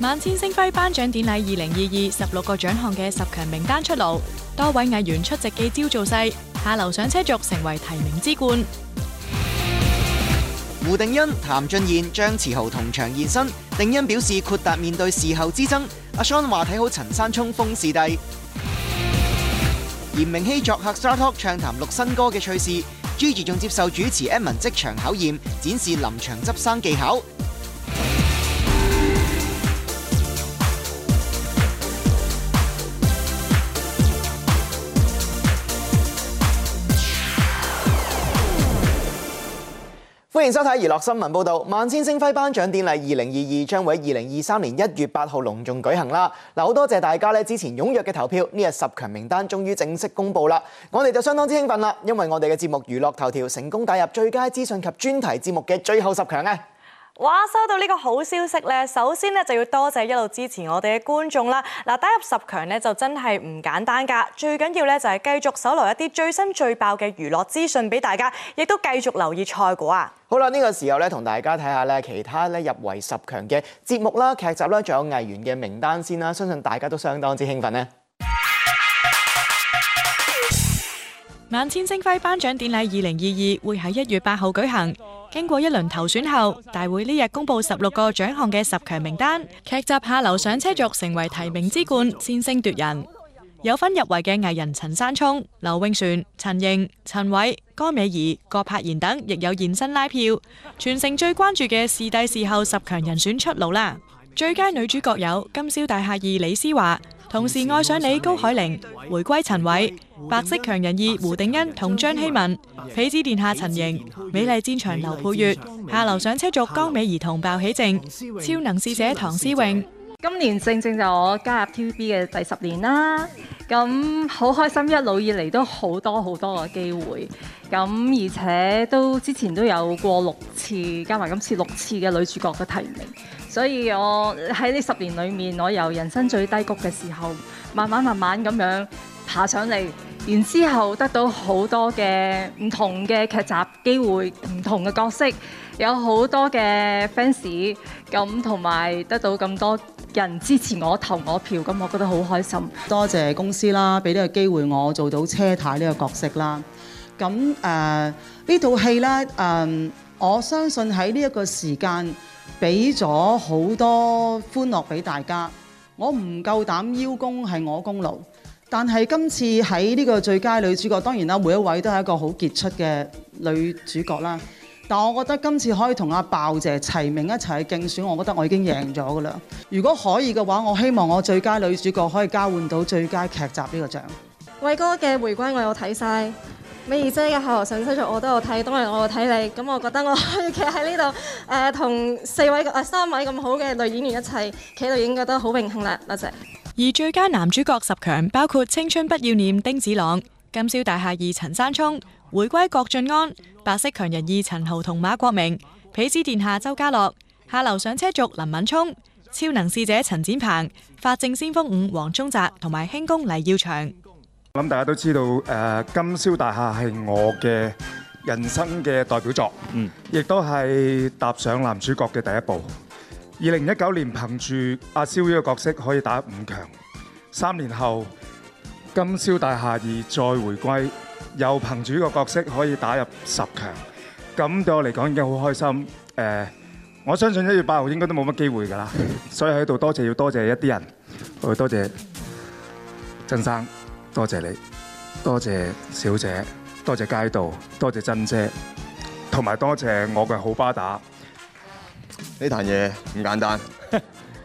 萬千星輝頒獎典禮二零二二十六個獎項嘅十強名單出爐，多位藝員出席記招造勢，下樓上車族成為提名之冠。胡定欣、譚俊彥、張馳豪同場現身，定欣表示豁達面對事後之爭。阿 son 話睇好陳山聰封視帝。嚴明熙作客 StarTalk 暢談錄新歌嘅趣事，Gigi 仲接受主持 Edmond 職場考驗，展示臨場執生技巧。歡迎收睇娛樂新聞報道，萬千星輝頒獎典禮二零二二將會喺二零二三年一月八號隆重舉行啦！嗱，好多謝大家呢。之前踊躍嘅投票，呢日十強名單終於正式公布啦！我哋就相當之興奮啦，因為我哋嘅節目娛樂頭條成功打入最佳資訊及專題節目嘅最後十強嘅。哇！收到呢個好消息咧，首先咧就要多謝一路支持我哋嘅觀眾啦。嗱，打入十強咧就真係唔簡單噶，最緊要咧就係繼續搜羅一啲最新最爆嘅娛樂資訊俾大家，亦都繼續留意賽果啊！好啦，呢個時候咧同大家睇下咧其他咧入圍十強嘅節目啦、劇集啦，仲有藝員嘅名單先啦，相信大家都相當之興奮咧。萬千星輝頒獎典禮二零二二會喺一月八號舉行，經過一輪投選後，大會呢日公佈十六個獎項嘅十強名單。劇集下流上車族成為提名之冠，先聲奪人。有份入圍嘅藝人陳山聰、劉穎璇、陳瀅、陳偉、江美儀、郭柏妍等，亦有現身拉票。全城最關注嘅視帝視后十強人選出爐啦！ 最佳女主角有《金宵大廈二》李施嬅。同時愛上你高海玲，回歸陳偉，白色強人二胡定欣同張希文，被子殿下陳瑩，美麗戰場劉佩月，下樓上車族江美儀同暴喜靜，超能侍者唐思詠。今年正正就我加入 TVB 嘅第十年啦，咁好開心，一路以嚟都好多好多嘅機會，咁而且都之前都有過六次加埋今次六次嘅女主角嘅提名。所以我喺呢十年裏面，我由人生最低谷嘅時候，慢慢慢慢咁樣爬上嚟，然之後得到好多嘅唔同嘅劇集機會，唔同嘅角色，有好多嘅 fans，咁同埋得到咁多人支持我、投我票，咁我覺得好開心。多謝公司啦，俾呢個機會我做到車太呢個角色啦。咁誒、呃、呢套戲咧，誒、呃、我相信喺呢一個時間。俾咗好多歡樂俾大家，我唔夠膽邀功係我功勞，但係今次喺呢個最佳女主角，當然啦，每一位都係一個好傑出嘅女主角啦。但我覺得今次可以同阿鮑姐齊名一齊去競選，我覺得我已經贏咗㗎啦。如果可以嘅話，我希望我最佳女主角可以交換到最佳劇集呢個獎。偉哥嘅回歸我有睇晒。美儀姐嘅《下流上車族》，我都有睇，當日我睇你。咁我覺得我可以企喺呢度，誒、呃、同四位誒、呃、三位咁好嘅女演員一齊企喺度，已經覺得好榮幸啦，多謝。而最佳男主角十強包括《青春不要臉》丁子朗，《金宵大廈二》陳山聰，《回歸》郭晉安，《白色強人二》陳豪同馬國明，《痞子殿下》周嘉洛，《下流上車族》林敏聰，《超能使者》陳展鵬，《法證先鋒五》黃宗澤同埋《輕功》黎耀祥。我諗大家都知道，誒、呃，《金宵大廈》係我嘅人生嘅代表作，嗯，亦都係踏上男主角嘅第一步。二零一九年憑住阿蕭呢個角色可以打入五強，三年後《金宵大廈二》再回歸，又憑住呢個角色可以打入十強，咁對我嚟講已經好開心。誒、呃，我相信一月八號應該都冇乜機會噶啦，所以喺度多謝要多謝一啲人，我多謝曾生。多謝你，多謝小姐，多謝街道，多謝珍姐，同埋多謝我嘅好巴打。呢壇嘢唔簡單。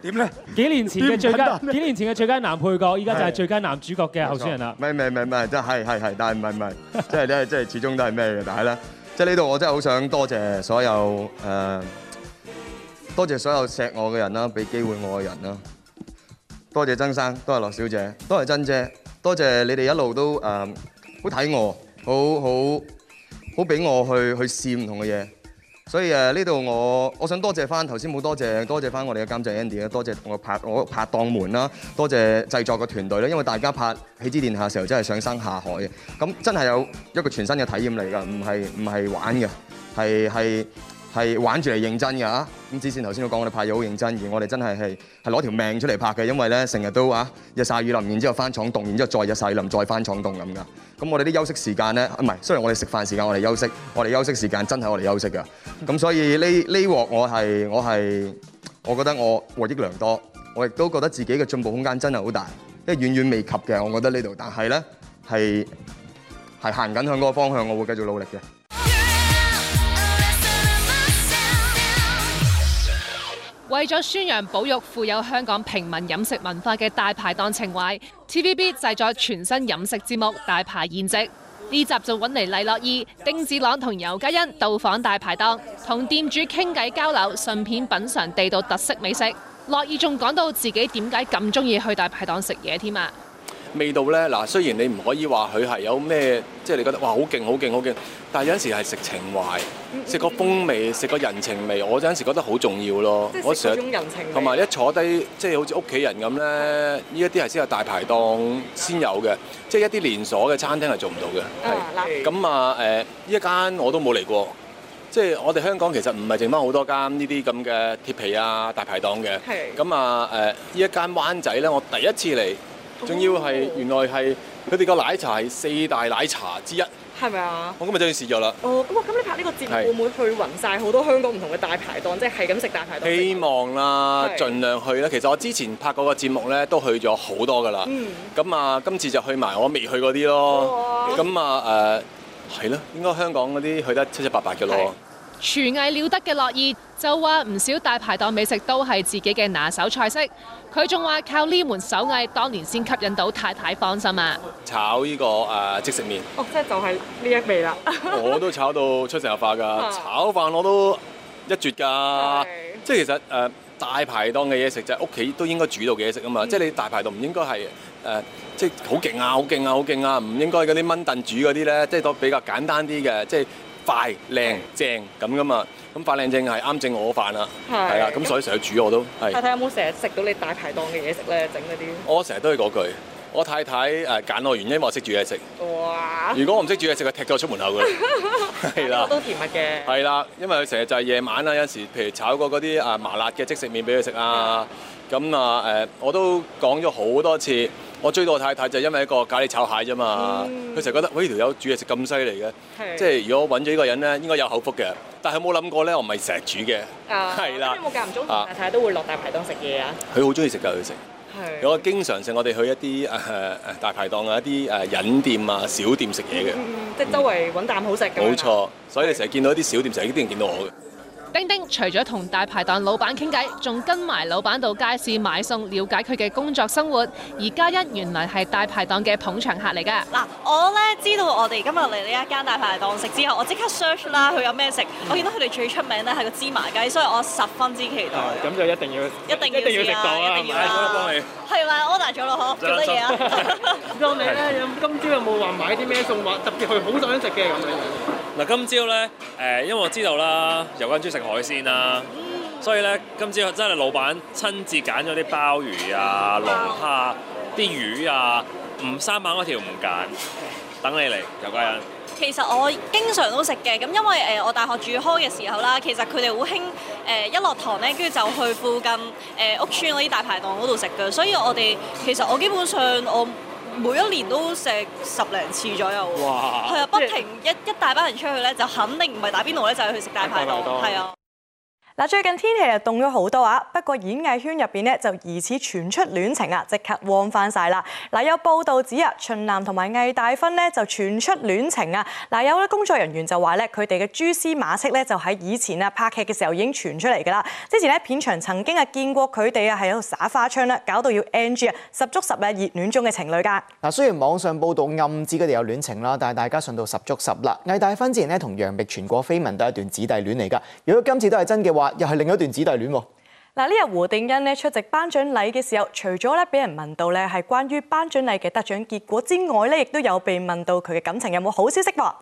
點咧？幾 年前嘅最佳，幾 年前嘅最佳男配角，依家就係最佳男主角嘅候選人啦。唔係唔係唔係，即係係係係，但係唔係唔係，即係咧即係始終都係咩嘅？但係咧，即係呢度我真係好想多謝所有誒，多謝所有錫我嘅人啦，俾機會我嘅人啦，多謝曾生，多謝羅小姐，多謝珍姐。多謝你哋一路都誒、uh, 好睇我，好好好俾我去去試唔同嘅嘢，所以誒呢度我我想多謝翻頭先冇多謝多謝翻我哋嘅監製 Andy 啊，多謝我拍我拍檔們啦，多謝製作嘅團隊啦。因為大家拍《喜之殿下》嘅時候真係上山下海嘅，咁真係有一個全新嘅體驗嚟噶，唔係唔係玩嘅，係係。係玩住嚟認真㗎，咁之前頭先都講，我哋拍嘢好認真，而我哋真係係係攞條命出嚟拍嘅，因為咧成日都啊日曬雨淋，然之後翻廠凍，然之後再日曬雨淋，再翻廠凍咁㗎。咁我哋啲休息時間咧，唔、啊、係雖然我哋食飯時間，我哋休息，我哋休息時間真係我哋休息㗎。咁所以呢呢鑊我係我係，我覺得我獲益良多，我亦都覺得自己嘅進步空間真係好大，即係遠遠未及嘅，我覺得呢度。但係咧係係行緊向嗰個方向，我會繼續努力嘅。為咗宣揚保育富有香港平民飲食文化嘅大排檔情懷，TVB 製作全新飲食節目《大排宴席》。呢集就揾嚟黎諾懿、丁子朗同尤嘉欣到訪大排檔，同店主傾偈交流，順便品嘗地道特色美食。諾懿仲講到自己點解咁中意去大排檔食嘢添啊！味道呢，嗱，雖然你唔可以話佢係有咩，即係你覺得哇，好勁，好勁，好勁，但係有陣時係食情懷，食個風味，食個人情味，我有陣時覺得好重要咯。我係人情味同埋一坐低，即係好似屋企人咁呢，呢一啲係先有大排檔先有嘅，即係一啲連鎖嘅餐廳係做唔到嘅、嗯。咁、嗯、係啊、呃，誒，呢一間我都冇嚟過，即係我哋香港其實唔係剩翻好多間呢啲咁嘅鐵皮啊大排檔嘅、嗯。咁啊、呃，誒，呢一間灣仔呢，我第一次嚟。仲要係、哦、原來係佢哋個奶茶係四大奶茶之一，係咪啊？我今日就要試咗啦。哦，咁啊，咁你拍呢個節目會唔會去勻晒好多香港唔同嘅大排檔，是即係咁食大排檔？希望啦，盡是量去啦。其實我之前拍嗰個節目咧，都去咗好多㗎啦。嗯。咁啊，今次就去埋我未去嗰啲咯。咁、哦、啊，誒、啊，係、呃、咯，應該香港嗰啲去得七七八八嘅咯。廚藝了得嘅樂意，就話唔少大排檔美食都係自己嘅拿手菜式，佢仲話靠呢門手藝當年先吸引到太太芳心啊！炒呢、這個誒、呃、即食麵哦，即就係呢一味啦。 我都炒到出神入化噶，炒飯我都一絕噶。的即係其實誒、呃、大排檔嘅嘢食就係屋企都應該煮到嘅嘢食啊嘛。即係、嗯、你大排檔唔應該係誒即係好勁啊，好勁啊，好勁啊，唔應該嗰啲炆燉煮嗰啲咧，即係都比較簡單啲嘅，即、就、係、是。就是快、靚、正咁㗎嘛，咁快靚正係啱正我飯啦，係啦，咁所以成日煮我都。太太有冇成日食到你大排檔嘅嘢食咧？整嗰啲。我成日都係嗰句，我太太誒揀、呃、我原因，因為我識煮嘢食。哇！如果我唔識煮嘢食，就踢咗我出門口㗎啦。係啦、 嗯，都甜蜜嘅。係啦、嗯，因為佢成日就係夜晚啦，有時譬如炒過嗰啲啊麻辣嘅即食麵俾佢食啊，咁啊誒，我都講咗好多次。我追到我太太就因為一個咖喱炒蟹啫嘛，佢成日覺得，喂，條友、這個、煮嘢食咁犀利嘅，是即係如果揾咗呢個人咧，應該有口福嘅。但係冇諗過咧？我唔係成日煮嘅，係啦、啊。有冇間唔中太太都會落大排檔食嘢啊？佢好中意食㗎，佢食。我經常性我哋去一啲誒大排檔啊、一啲誒飲店啊、小店食嘢嘅，嗯、即係周圍揾啖好食嘅。冇、嗯嗯、錯，所以你成日見到一啲小店，成日都見到我嘅。丁丁除咗同大排檔老闆傾偈，仲跟埋老闆到街市買餸，瞭解佢嘅工作生活。而家一原來係大排檔嘅捧場客嚟㗎。嗱，我咧知道我哋今日嚟呢一間大排檔食之後，我即刻 search 啦，佢有咩食。我見到佢哋最出名咧係個芝麻雞，所以我十分之期待。咁、啊、就一定要一定要食到啦！係咪？我 order 咗咯，好，做乜嘢啊？啊啊幫你咧。有今朝有冇話買啲咩餸話特別去好想食嘅咁樣？嗱，今朝咧誒，因為我知道啦，有斤豬食，海鮮啦，嗯、所以呢，今次真係老闆親自揀咗啲鮑魚啊、龍蝦、啲魚啊，唔三萬嗰條唔揀，等你嚟，有貴人。其實我經常都食嘅，咁因為誒我大學住開嘅時候啦，其實佢哋好興誒一落堂呢，跟住就去附近誒屋村嗰啲大排檔嗰度食嘅，所以我哋其實我基本上我。每一年都食十零次左右喎，係啊哇，不停一一大班人出去咧，就肯定唔係打邊爐咧，就係是去食大排檔，係啊。嗱，最近天氣啊，凍咗好多啊！不過演藝圈入邊呢就疑似傳出戀情啊，即刻旺翻晒啦！嗱，有報道指啊，秦嵐同埋魏大勳呢就傳出戀情啊！嗱，有啲工作人員就話咧，佢哋嘅蛛絲馬跡咧就喺以前啊拍劇嘅時候已經傳出嚟噶啦。之前呢片場曾經啊見過佢哋啊喺度耍花槍啦，搞到要 NG 啊！十足十日熱戀中嘅情侶噶。嗱，雖然網上報道暗指佢哋有戀情啦，但係大家信到十足十啦。魏大勳之前呢，同楊冪傳過緋聞，都係一段姊弟戀嚟噶。如果今次都係真嘅話，又係另一段姊弟戀喎！嗱，呢日胡定欣咧出席頒獎禮嘅時候，除咗咧俾人問到咧係關於頒獎禮嘅得獎結果之外咧，亦都有被問到佢嘅感情有冇好消息噃？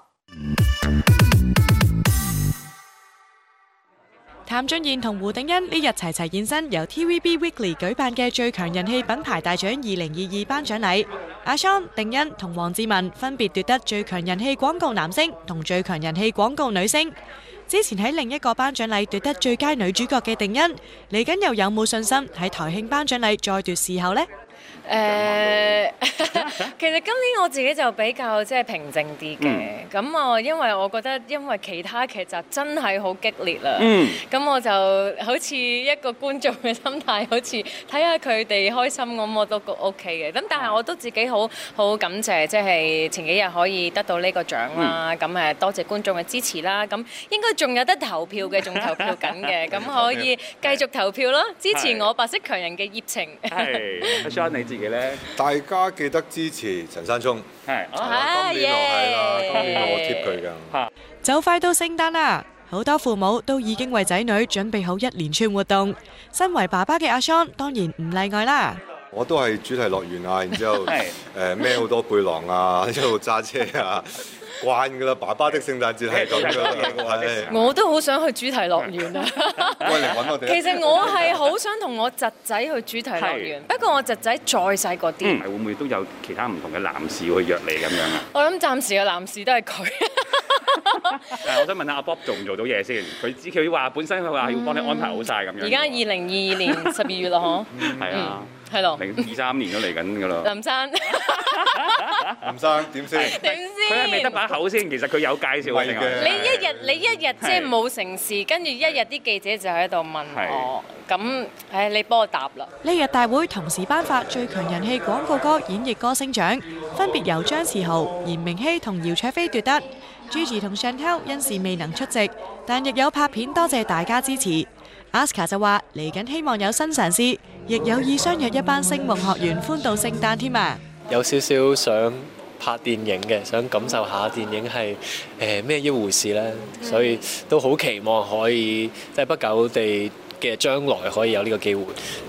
譚俊彥同胡定欣呢日齊齊現身由 TVB Weekly 舉辦嘅最強人氣品牌大獎二零二二頒獎禮，阿 son 定欣同黃智雯分別奪得最強人氣廣告男星同最強人氣廣告女星。之前喺另一個頒獎禮奪得最佳女主角嘅定因，嚟緊又有冇信心喺台慶頒獎禮再奪視后呢？誒，其實今年我自己就比較即係平靜啲嘅。咁我因為我覺得，因為其他劇集真係好激烈啦。咁我就好似一個觀眾嘅心態好似睇下佢哋開心咁，我都覺 OK 嘅。咁但係我都自己好好感謝即係前幾日可以得到呢個獎啦。咁誒多謝觀眾嘅支持啦。咁應該仲有得投票嘅，仲投票緊嘅，咁可以繼續投票咯，支持我白色強人嘅熱情。係阿 s 你自己。大家記得支持陳山聰，係今年我係啦，今年我貼佢㗎。就快到聖誕啦，好多父母都已經為仔女準備好一連串活動。身為爸爸嘅阿聰當然唔例外啦。我都係主題樂園啊，然之後誒孭好多背囊啊，一路揸車啊。慣㗎啦，爸爸的聖誕節係咁樣，我都好想去主題樂園啊！ 其實我係好想同我侄仔去主題樂園，嗯、不過我侄仔再細個啲。嗯、會唔會都有其他唔同嘅男士去約你咁樣啊？我諗暫時嘅男士都係佢。誒，我想問下阿 Bob 做唔做到嘢先？佢佢話本身佢話要幫你安排好晒咁樣。而家二零二二年十二月啦，嗬、 嗯。係啊。係咯，零二三年都嚟緊㗎啦。林生，林生點先？點先？佢係咪得把口先？其實佢有介紹㗎。你一日你一日即係冇成事，跟住一日啲記者就喺度問我，咁誒你幫我答啦。呢日大會同時頒發最強人氣廣告歌演繹歌星獎，分別由張馳豪、炎明熙同姚焯菲奪得。Gigi 同 Chantel 因事未能出席，但亦有拍片，多謝大家支持。Aska 就話嚟緊希望有新嘗試，亦有意相約一班聲夢學員歡度聖誕添啊！有少少想拍電影嘅，想感受下電影係誒咩一回事咧，所以都好期望可以即係不久地嘅將來可以有呢個機會。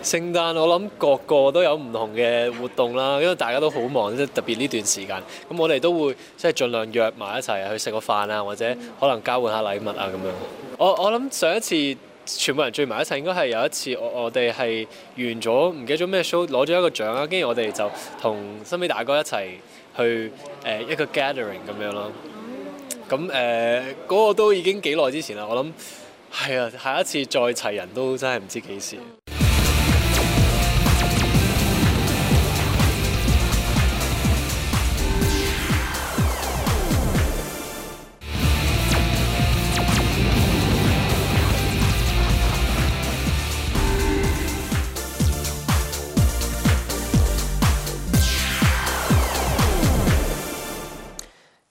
聖誕我諗個個都有唔同嘅活動啦，因為大家都好忙，即係特別呢段時間。咁我哋都會即係盡量約埋一齊去食個飯啊，或者可能交換下禮物啊咁樣。我我諗上一次。全部人聚埋一齊，應該係有一次我我哋係完咗唔記得咗咩 show，攞咗一個獎啦。跟住我哋就同森美大哥一齊去誒、呃、一個 gathering 咁樣咯。咁誒嗰個都已經幾耐之前啦，我諗係啊，下一次再齊人都真係唔知幾時。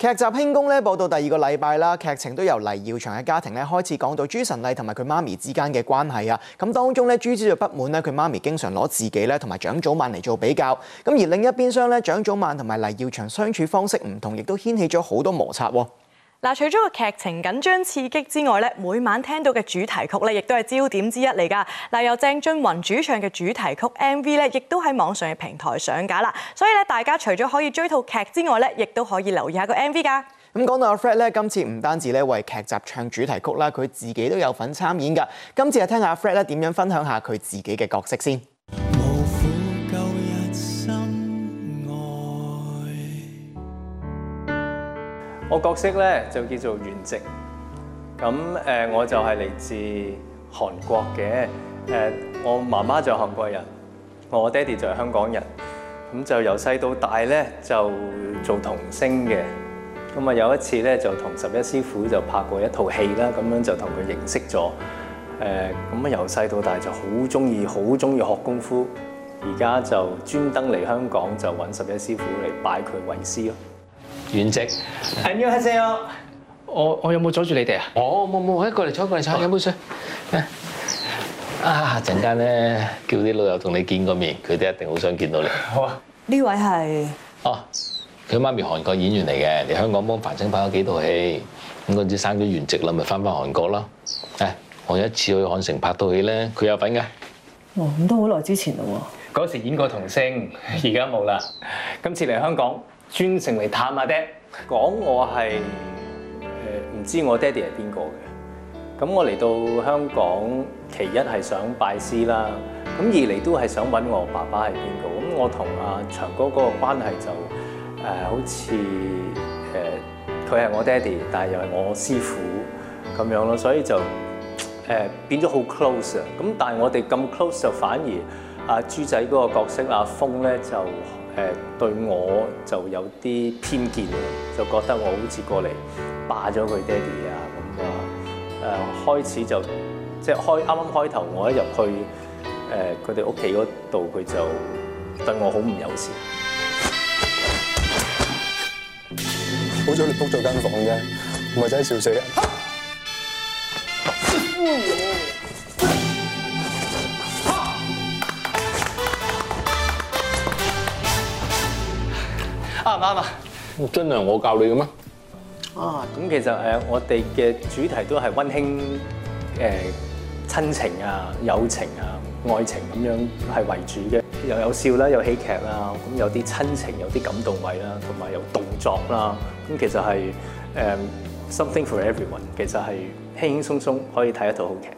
劇集輕功咧報到第二個禮拜啦，劇情都由黎耀祥嘅家庭咧開始講到朱晨麗同埋佢媽咪之間嘅關係啊。咁當中咧，朱子就不滿咧，佢媽咪經常攞自己咧同埋蔣祖曼嚟做比較。咁而另一邊廂咧，蔣祖曼同埋黎耀祥相處方式唔同，亦都掀起咗好多摩擦喎。嗱，除咗個劇情緊張刺激之外咧，每晚聽到嘅主題曲咧，亦都係焦點之一嚟噶。嗱，由鄭俊弘主唱嘅主題曲 M V 咧，MV，亦都喺網上嘅平台上架啦。所以咧，大家除咗可以追套劇之外咧，亦都可以留意下個 M V 噶。咁講到阿 Fred 咧，今次唔單止咧為劇集唱主題曲啦，佢自己都有份參演噶。今次係聽下阿 Fred 咧點樣分享下佢自己嘅角色先。我角色咧就叫做袁植。咁誒我就係嚟自韓國嘅，誒我媽媽就韓國人，我爹哋就係香港人，咁就由細到大咧就做童星嘅，咁啊有一次咧就同十一師傅就拍過一套戲啦，咁樣就同佢認識咗，誒咁啊由細到大就好中意好中意學功夫，而家就專登嚟香港就揾十一師傅嚟拜佢為師咯。遠節，係你好，先生。我我有冇阻住你哋啊？我冇冇，一過嚟坐，過嚟坐，飲杯水。啊，陣間咧，叫啲老友同你見個面，佢哋一定好想見到你。好啊。呢位係哦，佢媽咪韓國演員嚟嘅，嚟香港幫繁星拍咗幾套戲。咁嗰陣生咗原籍啦，咪翻返韓國咯。誒、啊，我有一次去漢城拍套戲咧，佢有份㗎。哦、啊，咁都好耐之前啦喎。嗰時演過童星，而家冇啦。今次嚟香港。專程嚟探阿爹，講我係誒唔知我爹哋係邊個嘅。咁我嚟到香港，其一係想拜師啦，咁二嚟都係想揾我爸爸係邊個。咁我同阿、啊、長哥嗰個關係就誒、呃、好似誒佢係我爹哋，但係又係我師傅咁樣咯。所以就誒、呃、變咗好 close 啊。咁但係我哋咁 close 就反而阿、啊、豬仔嗰個角色阿峰咧就。誒對我就有啲偏見啊，就覺得我好似過嚟霸咗佢爹哋啊咁啊！誒開始就即係開啱啱開頭，我一入去誒佢哋屋企嗰度，佢就對我好唔友善。好彩你 book 咗間房啫，唔係真係笑死人。 啱唔啱啊？張亮。嗯嗯嗯嗯，呃，我教你嘅咩？啊，咁其實誒，我哋嘅主題都係溫馨誒、呃、親情啊、友情啊、愛情咁樣係為主嘅，又有笑啦，又有喜劇啦，咁、嗯、有啲親情，有啲感動位啦，同埋有，有動作啦。咁、嗯、其實係誒、呃、something for everyone。其實係輕輕鬆鬆可以睇一套好劇。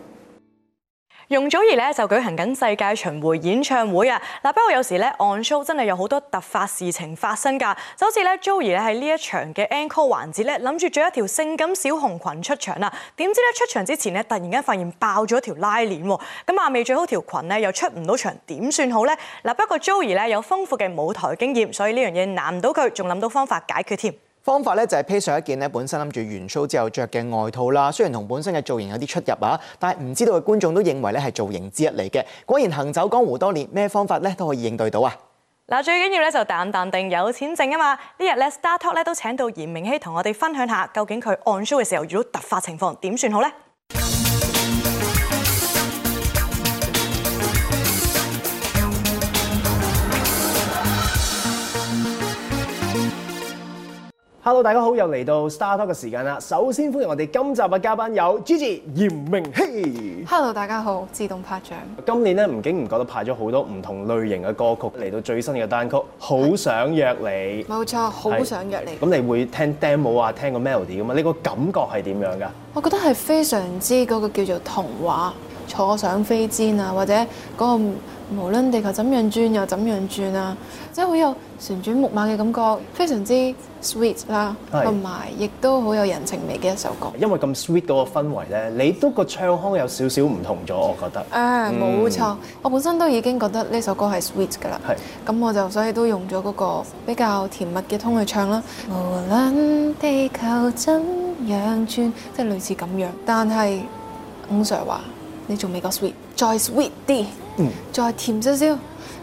容祖兒咧就舉行緊世界巡回演唱會啊！嗱，不過有時咧 on show 真係有好多突發事情發生㗎，就好似咧 Joey 咧喺呢一場嘅 encore 環節咧，諗住著一條性感小紅裙出場啦，點知咧出場之前咧突然間發現爆咗條拉鏈，咁啊未著好條裙咧又出唔到場，點算好咧？嗱、啊，不過 Joey 咧有豐富嘅舞台經驗，所以呢樣嘢難唔到佢，仲諗到方法解決添。方法咧就係披上一件咧本身諗住完 show 之後着嘅外套啦，雖然同本身嘅造型有啲出入啊，但係唔知道嘅觀眾都認為咧係造型之一嚟嘅。果然行走江湖多年，咩方法咧都可以應對到啊！嗱，最緊要咧就淡淡定，有錢剩啊嘛！呢日咧 Star Talk 咧都請到嚴明熙同我哋分享下，究竟佢按 show 嘅時候遇到突發情況點算好咧？Hello，大家好，又嚟到 StarTalk 嘅時間啦！首先歡迎我哋今集嘅嘉賓有 Gigi 嚴明熙。Hey、Hello，大家好，自動拍掌。今年咧唔經唔覺得拍咗好多唔同類型嘅歌曲，嚟到最新嘅單曲，好想約你。冇是錯，好想約你。咁你會聽 demo 啊，聽個 melody 噶嘛？你個感覺係點樣噶？我覺得係非常之嗰個叫做童話，坐上飛氈啊，或者嗰、嗰個。無論地球怎樣轉又怎樣轉啊，即係好有旋轉木馬嘅感覺，非常之 sweet 啦，同埋是亦都好有人情味嘅一首歌。因為咁 sweet 嗰個氛圍呢，你都個唱腔有少少唔同咗，我覺得。誒、嗯，冇錯，我本身都已經覺得呢首歌係 sweet 㗎啦。咁是我就所以都用咗嗰個比較甜蜜嘅 tone 去唱啦。是無論地球怎樣轉，即係類似咁樣，但係五 Sir 話你仲未夠 sweet。再 sweet 啲，再甜少少，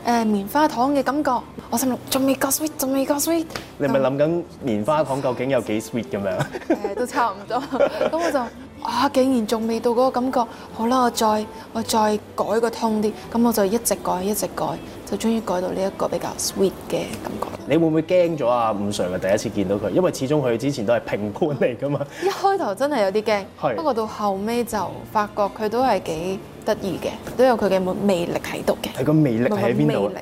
誒棉花糖嘅感覺，我心諗仲未夠 sweet，仲未夠 sweet。你係咪諗緊棉花糖究竟有幾 sweet 咁樣？誒都差唔多，咁我就啊竟然仲未到嗰個感覺，好啦，我再我再改個 tone 啲，咁我就一直改一直改，就終於改到呢一個比較 sweet 嘅感覺。你會唔會驚咗啊？五常啊，第一次見到佢，因為始終佢之前都係評判嚟㗎嘛。一開頭真係有啲驚，不過到後尾就發覺佢都係幾。得意嘅，都有佢嘅魅力喺度嘅。佢個魅力喺邊度？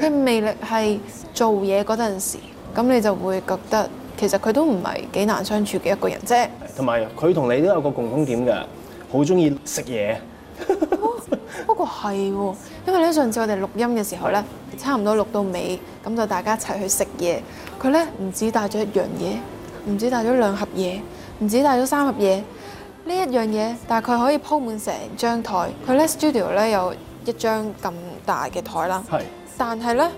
佢魅力係做嘢嗰陣時，咁你就會覺得其實佢都唔係幾難相處嘅一個人啫。同埋佢同你都有個共通點嘅，好鍾意食嘢。不過係喎、哦，因為咧上次我哋錄音嘅時候呢，的差唔多錄到尾，咁就大家一齊去食嘢。佢呢唔止帶咗一樣嘢，唔止帶咗兩盒嘢，唔止帶咗三盒嘢。呢一樣嘢大概可以鋪滿成張台，佢呢 studio 呢有一張咁大嘅台啦，是但係呢，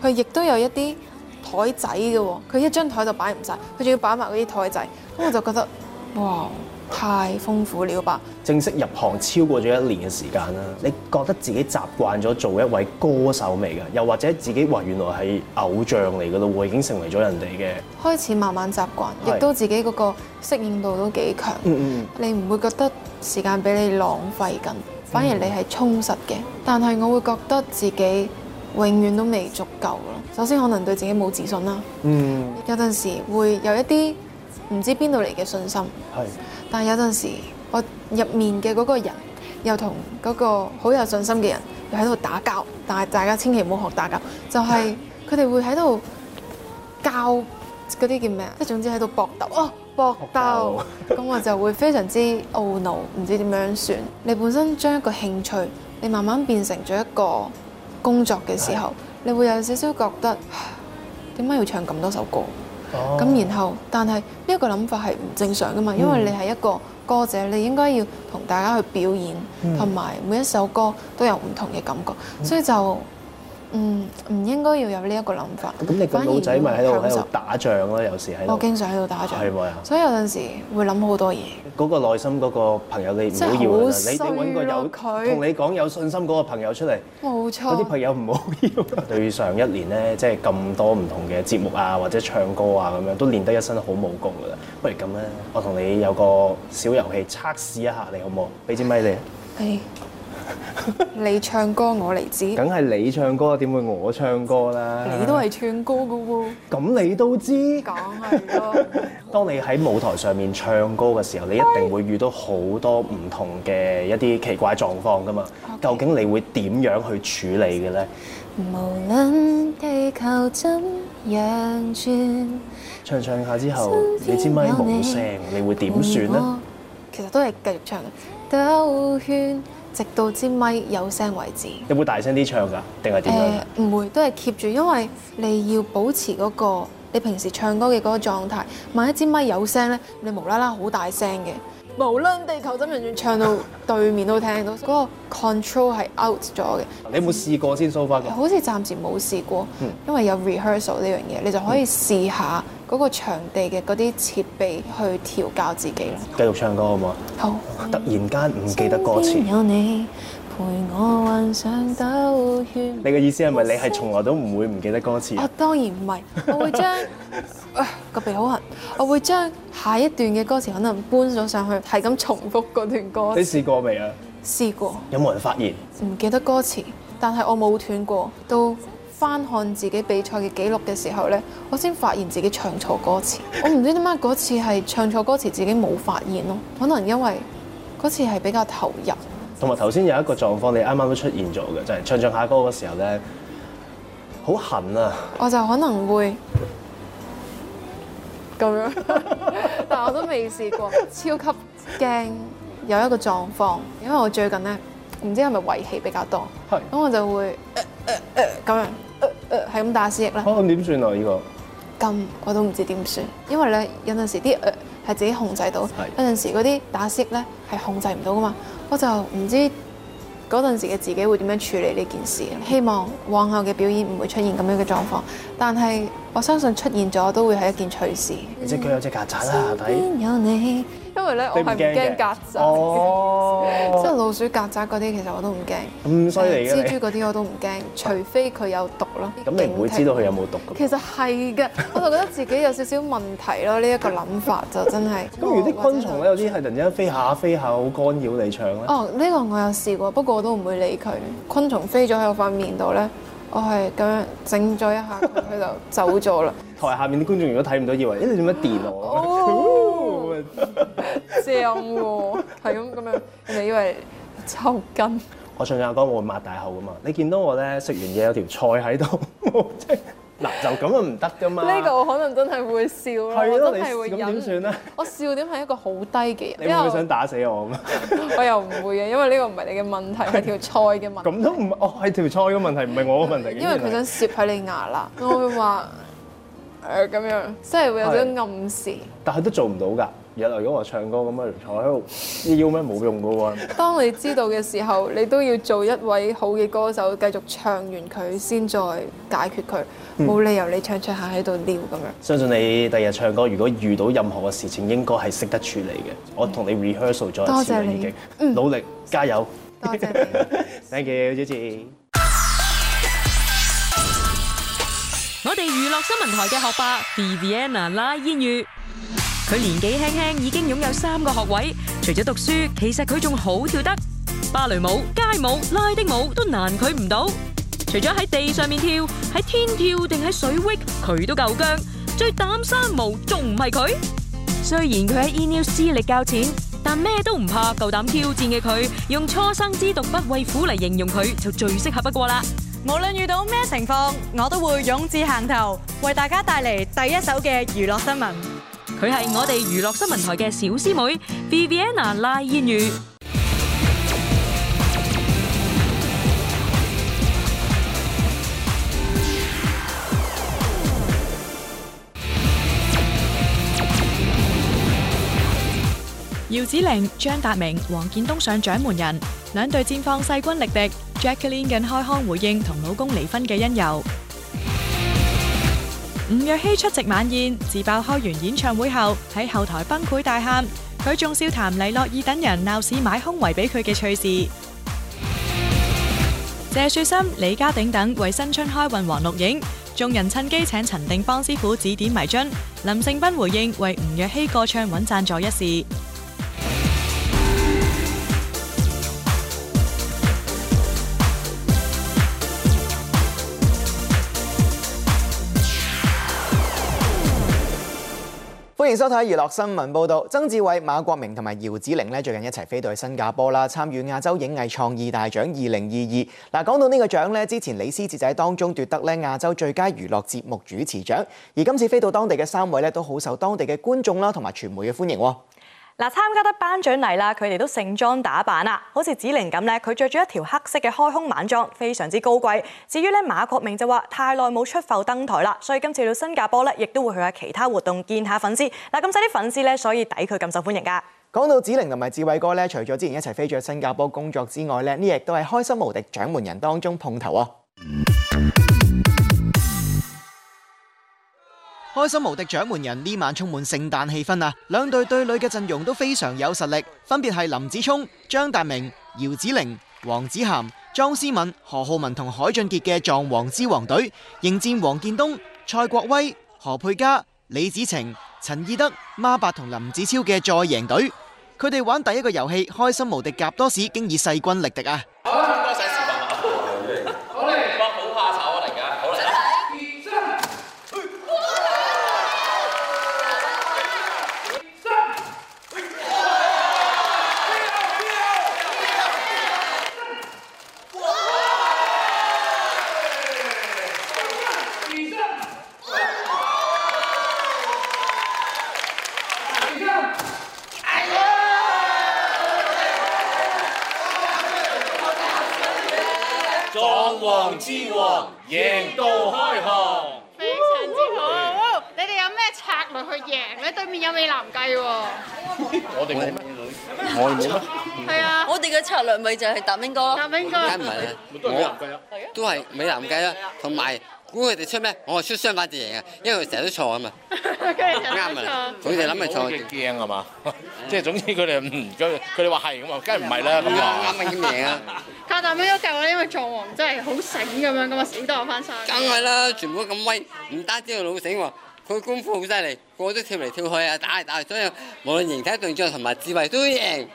佢亦都有一啲台仔嘅喎，佢一張台就擺唔晒，佢仲要擺埋嗰啲台仔，咁 我就覺得，哇！太豐富了吧！正式入行超過咗一年嘅時間啦，你覺得自己習慣咗做一位歌手未嘅？又或者自己話原來係偶像嚟嘅咯，已經成為咗人哋嘅。開始慢慢習慣，是亦都自己嗰個適應度都幾強。嗯嗯，你唔會覺得時間俾你浪費緊，反而你係充實嘅。嗯、但係我會覺得自己永遠都未足夠咯。首先可能對自己冇自信啦。嗯。有陣時會有一啲唔知邊度嚟嘅信心。係。但係有陣時，我入面嘅嗰個人又同嗰個好有信心嘅人又喺度打交，但係大家千祈唔好學打交，就係佢哋會喺度教嗰啲叫咩啊？即係總之喺度搏鬥哦，搏鬥，咁搏鬥 我就會非常之懊惱，唔知點樣算。你本身將一個興趣，你慢慢變成咗一個工作嘅時候，的你會有少少覺得點解要唱咁多首歌？咁、哦、然後，但係呢一個諗法係唔正常㗎嘛，因為你係一個歌者，嗯、你應該要同大家去表演，同埋、嗯、每一首歌都有唔同嘅感覺，所以就。嗯，唔應該要有呢一個諗法。咁你個腦仔咪喺度喺度打仗咯，有時喺度。我經常喺度打仗，係咪啊？所以有陣時會諗好多嘢。嗰個內心嗰個朋友你唔好要啦，你要要你揾個有同佢你講有信心嗰個朋友出嚟。冇錯。嗰啲朋友唔好要，要。對上一年咧，即係咁多唔同嘅節目啊，或者唱歌啊咁樣，都練得一身好武功㗎啦。不如咁啦，我同你有個小遊戲測試一下你好唔好？俾支咪你。係。 你唱歌，我嚟知。梗係你唱歌，點會我唱歌啦？你都係唱歌噶喎。咁 你都知。講係咯。當你喺舞台上面唱歌嘅時候，你一定會遇到好多唔同嘅一啲奇怪狀況噶嘛。Okay. 究竟你會點樣去處理嘅咧？無論地球怎樣轉。唱唱下之後，身邊 你知咪冇有你 聲？你會點算呢？其實都係繼續唱。兜圈。直到支咪有聲為止，有冇大聲啲唱㗎？定係點樣？唔會，都係 keep 住，因為你要保持嗰個你平時唱歌嘅嗰個狀態。萬一支咪有聲咧，你無啦啦好大聲嘅，無論地球怎樣轉，唱到對面都聽到。嗰個 control 係 out 咗嘅。你有冇試過先 so far 嘅？好似暫時冇試過，因為有 rehearsal 呢樣嘢，你就可以試下。嗰個場地嘅嗰啲設備去調教自己啦。繼續唱歌好唔好？好。突然間唔記得歌詞。有你陪我兜圈。你嘅意思係咪你係從來都唔會唔記得歌詞？我當然唔係，我會將個 鼻好痕，我會將下一段嘅歌詞可能搬咗上去，係咁重複嗰段歌詞。你試過未啊？試過。有冇人發現？唔記得歌詞，但係我冇斷過，都。翻看自己比賽嘅記錄嘅時候呢，我先發現自己唱錯歌詞。我唔知點解嗰次係唱錯歌詞，自己冇發現咯。可能因為嗰次係比較投入。同埋頭先有一個狀況，你啱啱都出現咗嘅，就係、是、唱唱下歌嗰時候呢，好痕啊！我就可能會咁樣， 但我都未試過，超級驚有一個狀況，因為我最近呢，唔知係咪遺棄比較多，係咁是我就會咁樣。係咁、呃、打思噎啦。哦，點算啊？呢個咁我都唔知點算，算因為咧有陣時啲係、呃、自己控制到，有陣時嗰啲打思噎咧係控制唔到噶嘛，我就唔知嗰陣時嘅自己會點樣處理呢件事。希望往後嘅表演唔會出現咁樣嘅狀況，但係我相信出現咗都會係一件趣事、嗯。你隻腳有隻曱甴啦，係咪？有你。因為咧，我係唔驚曱甴，即、哦、 老鼠、曱甴嗰啲其實我都唔驚，咁犀利嘅蜘蛛嗰啲我都唔驚，除非佢有毒咯。咁、啊、你唔會知道佢有冇毒？惕其實係嘅，我就覺得自己有少少問題咯。呢、這、一個諗法就真係。咁、 哦、如啲昆蟲咧，有啲係突然間飛下飛下，飛下，好干擾你唱咧。哦，呢、這個我有試過，不過我都唔會理佢。昆蟲飛咗喺我塊面度咧，我係咁樣整咗一下，佢就走咗啦。 台下面啲觀眾如果睇唔到，以為咦你點樣電我？哦 正喎，係咁咁樣，你以為抽筋？我唱嘅歌我擘大口噶嘛，你見到我咧，食完嘢，有條菜喺度，嗱，就咁啊，唔得噶嘛。呢個我可能真係會笑咯，我都係會忍。我笑點係一個好低嘅人，你會唔會想打死我咁啊？我又唔會嘅，因為呢個唔係你嘅問題，係條菜嘅問題。咁都唔哦，係條菜嘅問題，唔係我嘅問題。因為佢想攝喺你牙罅。我會話。誒咁樣，即係會有啲暗示。但係都做唔到㗎。日來如果話唱歌咁樣坐喺度，要咩冇用㗎喎。當你知道嘅時候， 你都要做一位好嘅歌手，繼續唱完佢先再解決佢。冇、嗯、理由你唱一唱一下喺度尿咁樣。相信你第日唱歌，如果遇到任何嘅事情，應該係識得處理嘅。嗯、我同你 rehearsal 咗，多謝你嘅努力、嗯、加油。多謝你。 Thank you, Jazzy. 我哋娛樂新聞台嘅學霸 Viviana 拉煙雨，佢年紀輕輕已經擁有三個學位。除咗讀書，其實佢仲好跳得，芭蕾舞、街舞、拉丁舞都難佢唔到。除咗喺地上面跳，喺天跳定喺水域，佢都夠勁。最膽生毛仲唔係佢？雖然佢喺 Enews 資歷較淺，但咩都唔怕，夠膽挑戰嘅佢，用初生之犢不畏虎嚟形容佢就最適合不過啦。無論遇到咩情況，我都會勇字行頭，為大家帶嚟第一手嘅娛樂新聞。佢係我哋娛樂新聞台嘅小師妹 Viviana 賴燕如。姚子羚、張達明、王建東上掌門人，兩隊戰況勢均力敵。傑克琳嘅開腔回應同老公離婚嘅因由。吳若希出席晚宴，自爆開完演唱會後喺後台崩潰大喊，佢仲笑談黎諾懿等人鬧市買胸圍俾佢嘅趣事。謝雪心、李家鼎等為新春開運王錄影，眾人趁機請陳定邦師傅指點迷津。林盛斌回應為吳若希個唱搵贊助一事。歡迎收睇娛樂新聞報道，曾志偉、馬國明同埋姚子羚咧最近一齊飛到去新加坡啦，參與亞洲影藝創意大獎二零二二。嗱，講到呢個獎咧，之前李思捷仔喺當中奪得咧亞洲最佳娛樂節目主持獎，而今次飛到當地嘅三位咧都好受當地嘅觀眾啦同埋傳媒嘅歡迎喎。嗱，參加得頒獎禮啦，佢哋都盛裝打扮啦，好似子玲咁咧，佢着住一條黑色嘅開胸晚裝，非常之高貴。至於咧馬國明就話太耐冇出埠登台啦，所以今次去到新加坡咧，亦都會去下其他活動見下粉絲。嗱，咁使啲粉絲咧，所以抵佢咁受歡迎噶。講到子玲同埋志偉哥咧，除咗之前一齊飛咗去新加坡工作之外咧，呢亦都係開心無敵獎門人當中碰頭啊！開心無敵獎門人呢晚充滿聖誕氣氛啊！兩隊對壘嘅陣容都非常有實力，分別係林子聰、張達明、姚子羚、黃子涵、莊思敏、何浩文同海俊傑嘅狀王之王隊，迎戰王建東、蔡國威、何佩嘉、李子晴、陳義德、孖八同林子超嘅再贏隊。佢哋玩第一個遊戲開心無敵夾多士，經已勢均力敵啊！贏嘅對面有美男計喎，我哋冇乜，我冇乜，係啊，我哋嘅策略咪就係達明哥，達明哥，梗唔係啦，我都唔計都係美男計啦，同埋估佢哋出咩，我話出相反字形啊，因為佢成日都錯啊嘛，啱啊，佢哋諗住錯佢驚啊嘛，即係總之佢哋唔追，佢哋話係咁啊，梗係唔係啦，我達明先贏啊，靠達明都夠啦，因為藏王真係好醒咁樣，咁啊死多我番生，梗係啦，全部都咁威，唔單止佢老死喎。佢功夫好犀利，個個都跳嚟跳去啊，打嚟打去，所以無論形體動作同埋智慧都贏。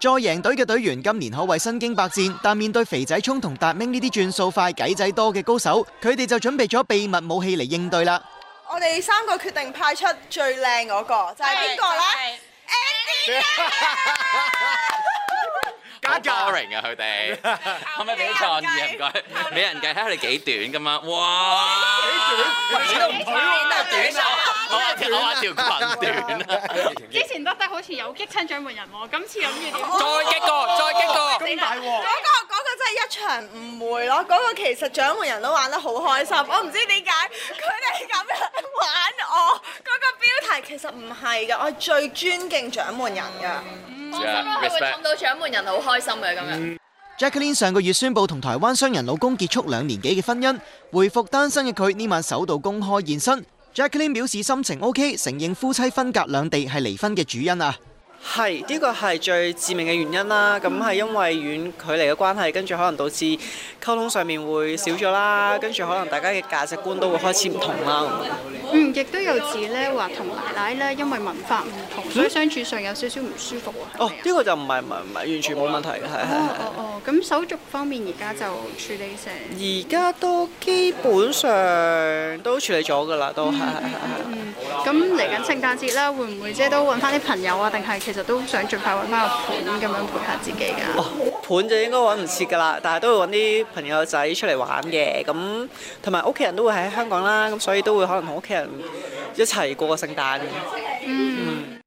再贏隊嘅隊員今年可謂身經百戰，但面對肥仔聰同達明呢啲轉數快、計仔多嘅高手，佢哋就準備咗秘密武器嚟應對啦。我哋三個決定派出最靚嗰個，就係邊個咧？Andy。搞 goring 啊！佢哋可唔可以俾啲創意啊？唔該，美人計睇下佢哋幾短咁啊！哇，幾短，你都唔許我咩？我話條裙短啊！之前得得好似有激親掌門人喎，今次諗住點？再激過，再激過！嗰個嗰個真係一場誤會咯，嗰個其實掌門人都玩得好開心，我唔知點解佢哋咁樣玩我。嗰個標題其實唔係㗎，我最尊敬掌門人㗎。我諗佢會氹到掌門人好開心嘅咁樣。Jacqueline 上個月宣布同台灣商人老公結束兩年幾嘅婚姻，回復單身嘅佢呢晚首度公開現身。j a c Jacqueline 表示心情 O、OK, K，承認夫妻分隔兩地係離婚嘅主因啊！係，呢、這個係最致命嘅原因啦。咁係因為遠距離嘅關係，跟住可能導致溝通上面會少咗啦。跟住可能大家嘅價值觀都會開始唔同啦。嗯，亦都有指呢話同奶奶呢，因為文化唔同，嗯、所以相處上有少少唔舒服啊。哦，呢、這個就唔係唔係唔係，完全冇問題嘅，係係哦係哦咁手續方面而家就處理成？而家都基本上都處理咗㗎啦，都係係係係。嗯，咁嚟緊聖誕節啦，會唔會即係都揾翻啲朋友啊？定係？其實都想盡快搵翻個盤，咁樣陪下自己噶。盤、哦、就應該搵唔切噶啦，但係都會搵啲朋友仔出嚟玩嘅。咁同埋屋企人都會喺香港啦，咁所以都會可能同屋企人一齊過個聖誕。嗯。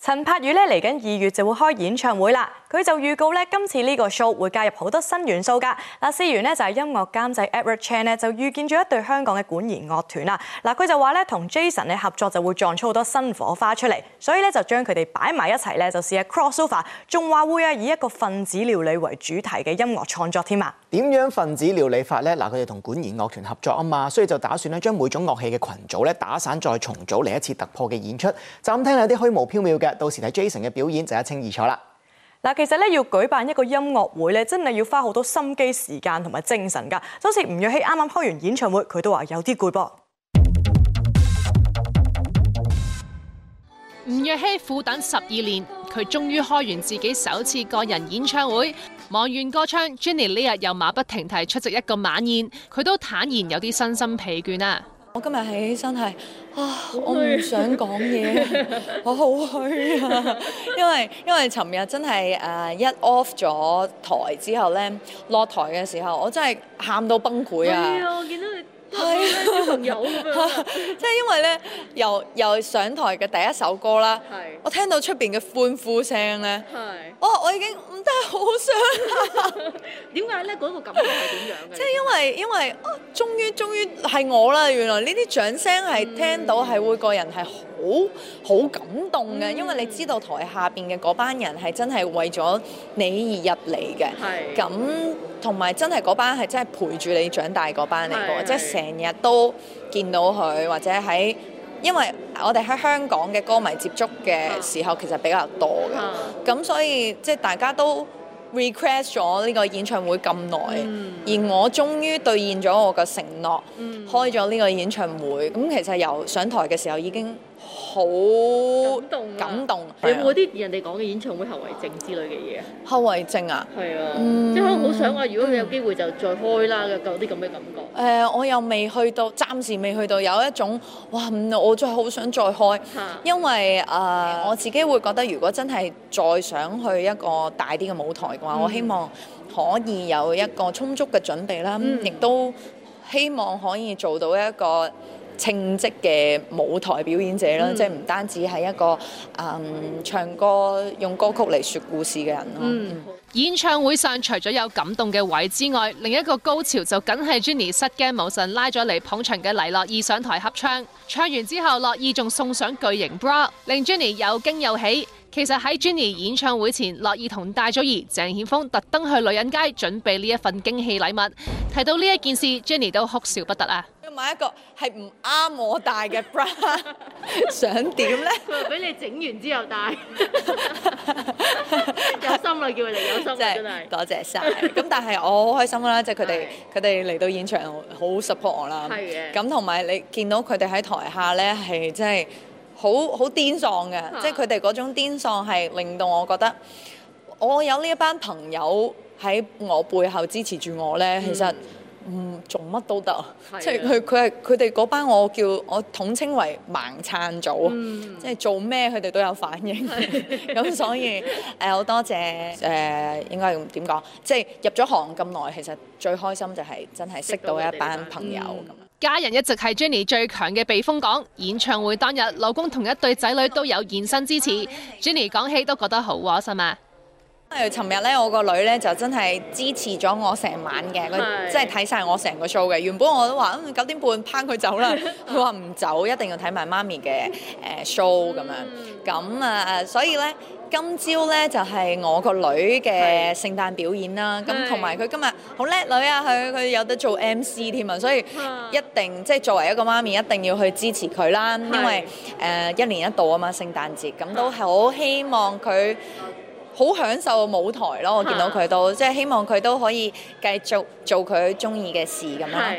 陳、嗯、柏宇呢嚟緊二月就會開演唱會啦。佢就預告咧，今次呢個 show 會加入好多新元素㗎。嗱、啊，思源咧就係、是、音樂監製 Edward Chan 咧，就遇見咗一對香港嘅管弦樂團啊。嗱，佢就話咧，同 Jason 咧合作就會撞出好多新火花出嚟，所以咧就將佢哋擺埋一齊咧，就試下 crossover，仲話會啊以一個分子料理為主題嘅音樂創作添啊。點樣分子料理法咧？嗱、啊，佢哋同管弦樂團合作啊嘛，所以就打算咧將每種樂器嘅群組咧打散再重組嚟一次突破嘅演出。就咁聽有啲虛無縹緲嘅，到時睇 Jason 嘅表演就一清二楚啦。嗱，其實咧要舉辦一個音樂會咧，真係要花好多心機、時間同埋精神㗎。就好似吳若希啱啱開完演唱會，佢都話有啲攰噃。吳若希苦等十二年，佢終於開完自己首次個人演唱會，忙完歌唱，Jinny 呢日又馬不停蹄出席一個晚宴，佢都坦然有啲身心疲倦啊。我今日起起身係啊，我唔想講嘢，我好虛啊，因為因為尋日真係誒一 off 咗台之後咧，落台嘅時候，我真係喊到崩潰啊！係啊，小、嗯嗯、朋友咁樣， 即係因為咧，又又上台嘅第一首歌啦。係是。我聽到出邊嘅歡呼聲咧。係是。我、哦、我已經唔得好想。點解咧？嗰、那個感覺係點樣嘅？ 即係因為因為，因為哦、終於終於係我啦！原來呢啲掌聲係聽到係會個人係。嗯好好感動嘅，因為你知道台下邊嘅嗰班人係真係為咗你而入嚟嘅，咁同埋真係嗰班係真係陪住你長大嗰班嚟嘅，是即係成日都見到佢或者喺，因為我哋喺香港嘅歌迷接觸嘅時候其實比較多嘅，咁、啊、所以即係大家都 request 咗呢個演唱會咁耐，嗯、而我終於兌現咗我嘅承諾，嗯、開咗呢個演唱會，咁、嗯、其實由上台嘅時候已經。好感動、啊、感動，啊、有冇啲人哋講嘅演唱會後遺症之類嘅嘢啊？後遺症啊？係啊，嗯、即係好想話、啊，如果你有機會就再開啦，嗯、有啲咁嘅感覺。誒、呃，我又未去到，暫時未去到，有一種哇，唔，我真係好想再開，啊、因為誒、呃啊，我自己會覺得，如果真係再想去一個大啲嘅舞台嘅話，嗯、我希望可以有一個充足嘅準備啦、嗯嗯，亦都希望可以做到一個。稱職嘅舞台表演者啦，嗯、即係唔單止係一個嗯、呃、唱歌用歌曲嚟説故事嘅人咯。嗯嗯、演唱會上除咗有感動嘅位之外，另一個高潮就梗係 Jenny 失驚無神拉咗嚟捧場嘅黎諾懿上台合唱。唱完之後，諾懿仲送上巨型 bra，令 Jenny 又驚又喜。其實喺 Jenny 演唱會前，諾懿同戴祖儀、鄭顯峯特登去女人街準備呢一份驚喜禮物。提到呢一件事，Jenny 都哭笑不得啊！買一個係唔啱我戴嘅 bra， 想點咧？佢話俾你整完之後戴 有。有心啦，叫嚟有心真係。多謝晒！咁 但係我好開心啦，即係佢哋佢哋嚟到現場好 support 我啦。係嘅。咁同埋你見到佢哋喺台下咧係真係好好癲喪嘅，即係佢哋嗰種癲喪係令到我覺得我有呢一班朋友喺我背後支持住我咧，其實、嗯。唔做乜都得，即係佢佢係佢哋嗰班我叫我統稱為盲撐組，即係、嗯、做咩佢哋都有反應。咁 所以誒好、呃、多謝誒、嗯、應該點講，即係入咗行咁耐，其實最開心就係真係識到一班朋友。嗯、家人一直係 Jenny 最強嘅避風港，演唱會當日老公同一對仔女都有現身支持。哦、Jenny 講起都覺得好窩心啊！係，尋日咧，我個女咧就真係支持咗我成晚嘅，佢即係睇晒我成個 show 嘅。原本我都話，九、嗯、點半拋佢走啦，佢話唔走，一定要睇埋媽咪嘅 show 咁、嗯、樣。咁啊，所以呢，今朝呢就係、是、我個女嘅聖誕表演啦。咁同埋佢今日好叻女啊，佢佢有得做 MC 添啊是。所以一定、啊、即係作為一個媽咪，一定要去支持佢啦。因為誒是、啊、一年一度啊嘛，聖誕節咁都係好希望佢。嗯嗯嗯好享受舞台咯！我見到佢都即係希望佢都可以繼續做佢中意嘅事咁樣。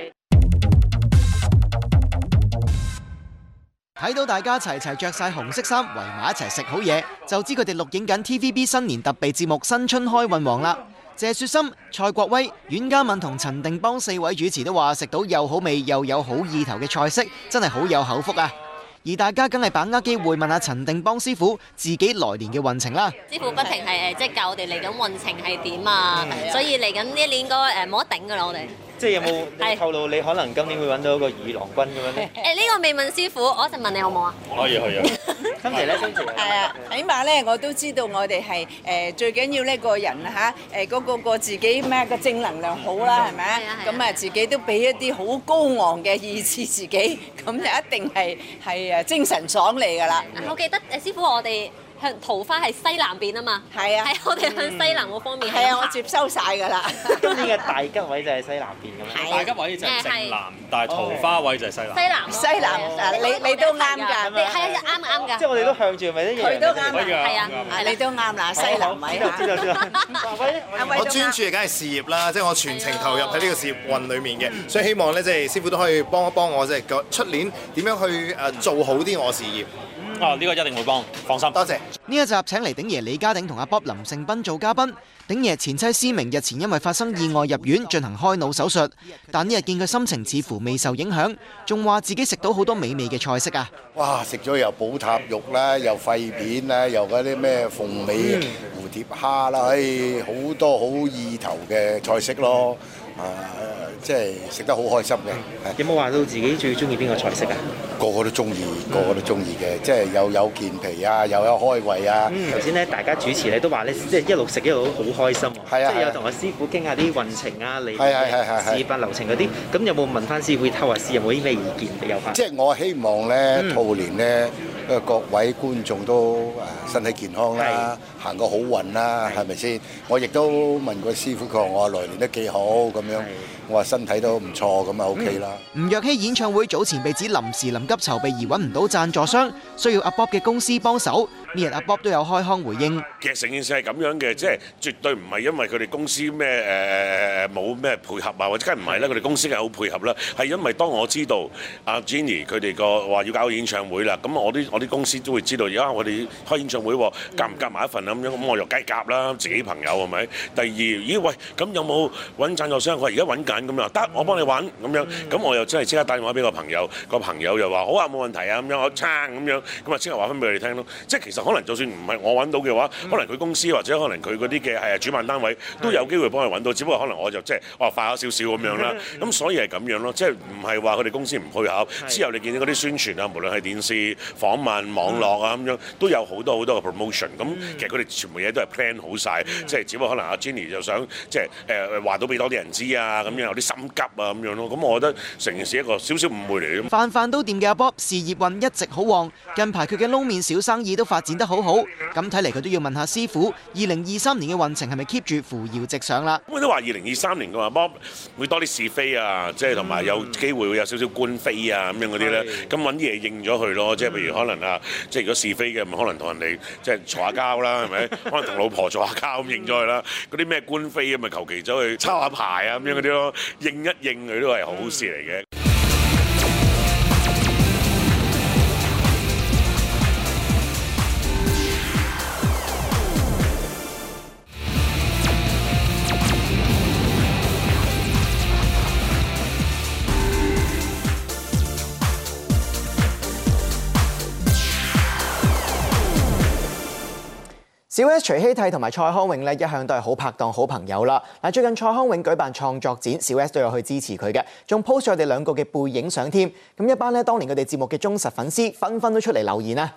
睇的到大家齊齊着晒紅色衫圍埋一齊食好嘢，就知佢哋錄影緊 TVB 新年特備節目《新春開運王》啦。謝雪心、蔡國威、阮家敏同陳定邦四位主持都話食到又好味又有好意頭嘅菜式，真係好有口福啊！而大家梗係把握機會問下陳定邦師傅自己來年嘅運程啦。師傅不停係誒，即係教我哋嚟緊運程係點啊，所以嚟緊呢一年應該誒冇得頂㗎喇，我哋。即係有冇透露你可能今年會揾到一個二郎君咁樣咧？誒呢個未問師傅，我一陣問你好唔好啊？可以可以，跟住咧，跟住係啊，起碼咧我都知道我哋係誒最緊要咧個人嚇誒嗰個個自己咩嘅正能量好啦係咪啊？咁啊自己都俾一啲好高昂嘅意志自己，咁就一定係係啊精神爽利㗎啦！我記得誒師傅我哋。向桃花係西南邊啊嘛，係啊，啊，我哋向西南嗰方面，係啊，我接收晒㗎啦。今年嘅大吉位就係西南邊咁樣，大吉位就係西南，但係桃花位就係西南。西南，西南，你你都啱㗎，係啊啱啱㗎。即係我哋都向住咪一樣，都啱㗎，係啊，你都啱啦，西南位，我專注嘅梗係事業啦，即係我全程投入喺呢個事業運裡面嘅，所以希望咧即係師傅都可以幫一幫我即係，出年點樣去誒做好啲我事業。呢、哦這個一定會幫，放心，多謝。呢一集請嚟鼎爺李家鼎同阿 Bob 林盛斌做嘉賓。鼎爺前妻思明日前因為發生意外入院進行開腦手術，但呢日見佢心情似乎未受影響，仲話自己食到好多美味嘅菜式啊！哇，食咗又寶塔肉啦，又肺片啦，又嗰啲咩鳳尾蝴蝶蝦啦，唉、嗯，好、哎、多好意頭嘅菜式咯。啊！即係食得好開心嘅。有冇話到自己最中意邊個菜式啊？個個都中意，個個都中意嘅。即係又有健脾啊，又有開胃啊。頭先咧，大家主持咧都話咧，即係一路食一路都好開心。係啊，即係有同阿師傅傾下啲運程啊，利事發流情嗰啲。咁有冇問翻師傅，睇下師傅有冇啲咩意見俾我聽？即係我希望咧，兔年咧。各位觀眾都誒身體健康啦，是行個好運啦，係咪先？我亦都問過師傅，佢話我來年都幾好咁樣，是我話身體都唔錯咁啊 OK 啦。吳、嗯、若希演唱會早前被指臨時臨急籌備而揾唔到贊助商，需要 Upb 嘅公司幫手。今日阿 Bob 都有開腔回應，其實成件事係咁樣嘅，即係絕對唔係因為佢哋公司咩誒冇咩配合啊，或者更加唔係啦，佢哋公司係好配合啦。係因為當我知道阿 Jenny 佢哋個話要搞個演唱會啦，咁我啲我啲公司都會知道，而家我哋開演唱會夾唔夾埋一份啊？咁樣咁我又雞夾啦，自己朋友係咪？第二，咦喂，咁有冇揾陣有商？我而家揾緊，咁又得，我幫你揾咁樣，咁我又真係即刻打電話俾個朋友，個朋友又話好啊，冇問題啊，咁樣我撐咁樣，咁啊即刻話翻俾佢哋聽咯。即係其實。 可能就算唔係我揾到嘅話，可能佢公司或者可能佢嗰啲嘅誒主辦單位都有機會幫佢揾到，只不過可能我就即係我快咗少少咁樣啦。咁所以係咁樣咯，即係唔係話佢哋公司唔配合。 對 之後你見到嗰啲宣傳啊，無論係電視訪問網絡啊咁樣都有好多好多嘅 promotion。咁其實佢哋全部嘢都係 plan 好晒，即係只不過可能阿 Jenny 就想即係誒話到俾多啲人知啊，咁，就是呃，樣有啲心急啊咁樣咯。咁我覺得成件事一個少少誤會嚟咁。飯飯都掂嘅阿 Bob 事業運一直好旺，近排佢嘅撈麵小生意都發剪得好好，咁睇嚟佢都要問下師傅，二零二三年嘅運程係咪 keep 住扶搖直上啦？咁都話二零二三年嘅話，噃，會多啲是非啊，即係同埋有機會會有少少官非啊，咁樣嗰啲咧，咁揾啲嘢應咗佢咯。即係譬如可能啊，即係如果是非嘅，咪可能同人哋即係坐下交啦，係咪？可能同老婆坐下交咁應咗佢啦。嗰啲咩官非啊，咪求其走去抄下牌啊，咁樣嗰啲咯，應一應佢都係好事嚟嘅。S 小 S 徐熙娣同埋蔡康永咧，一向都係好拍檔好朋友啦。嗱，最近蔡康永舉辦創作展，小 S 都有去支持佢嘅，仲 post 咗我哋兩個嘅背影相添。咁一班咧，當年佢哋節目嘅忠實粉絲紛紛都出嚟留言啦。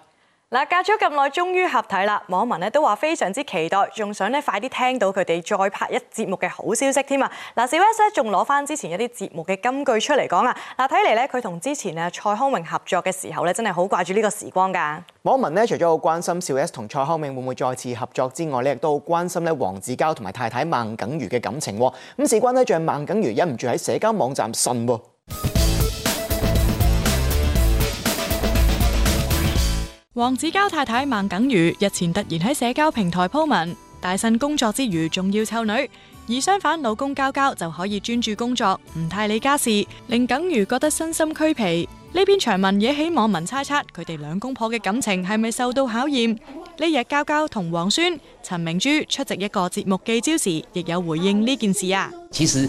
嗱，隔咗咁耐，終於合體啦！網民咧都話非常之期待，仲想咧快啲聽到佢哋再拍一節目嘅好消息添啊！嗱，小 S 仲攞翻之前一啲節目嘅金句出嚟講啊！嗱，睇嚟咧佢同之前咧蔡康永合作嘅時候咧，真係好掛住呢個時光噶。網民咧除咗好關心小 S 同蔡康永會唔會再次合作之外，咧亦都好關心咧黃子佼同埋太太孟耿如嘅感情喎。咁事關咧，就孟耿如忍唔住喺社交網站呻噃。黃子佼太太孟耿如日前突然喺社交平台鋪文，大呻工作之餘仲要湊女，而相反老公交交就可以專注工作，唔太理家事，令耿如覺得身心俱疲。呢篇長文惹起網民猜測佢哋兩公婆嘅感情係咪受到考驗？呢日交交同黃宣、陳明珠出席一個節目記招時，亦有回應呢件事啊。其實。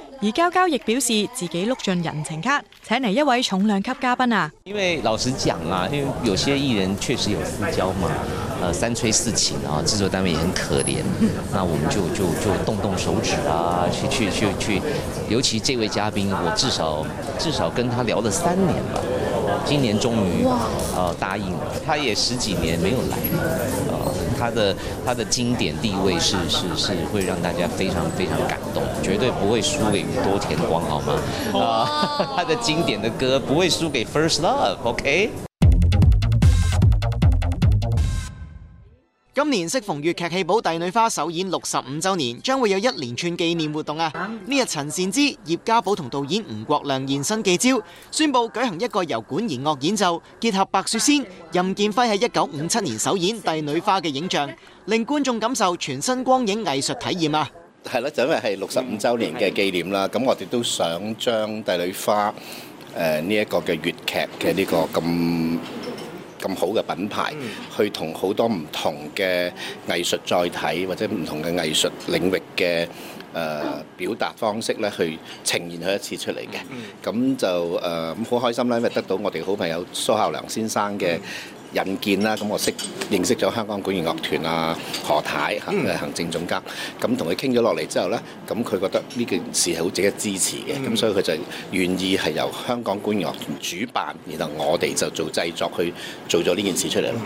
而嬌嬌亦表示自己碌盡人情卡，請嚟一位重量級嘉賓啊！因為老實講啊，因為有些藝人確實有私交嘛，呃，三催四請啊，製作單位也很可憐， 那我們就就就動動手指啊，去去去去，尤其這位嘉賓，我至少至少跟他聊了三年吧，今年終於，呃，答應了，哇他也十幾年沒有來。他的他的經典地位是是是會讓大家非常非常感動，絕對不會輸給宇多田光，好嗎？啊、uh，他的經典的歌不會輸給 First Love，OK？Okay? 今年適逢粵劇戲寶《帝女花》首演六十五週年，將會有一連串紀念活動啊！呢日陳善之、葉家寶同導演吳國亮現身記招，宣布舉行一個由管弦樂演奏，結合《白雪仙》任劍輝喺一九五七年首演《帝女花》嘅影像，令觀眾感受全新光影藝術體驗啊！係啦，就因為係六十五週年嘅紀念啦，咁我哋都想將《帝女花》誒呢一個嘅粵劇嘅呢個咁。咁好嘅品牌，去同好多唔同嘅藝術載體或者唔同嘅藝術領域嘅誒、呃、表達方式咧，去呈現佢一次出嚟嘅。咁就誒，咁、呃、好開心啦，因為得到我哋好朋友蘇孝良先生嘅。嗯引見啦，咁我識認識咗香港管弦樂團啊何太嚇行政總監，咁同佢傾咗落嚟之後呢，咁佢覺得呢件事係好值得支持嘅，咁所以佢就願意係由香港管弦樂團主辦，然後我哋就做製作去做咗呢件事出嚟咯。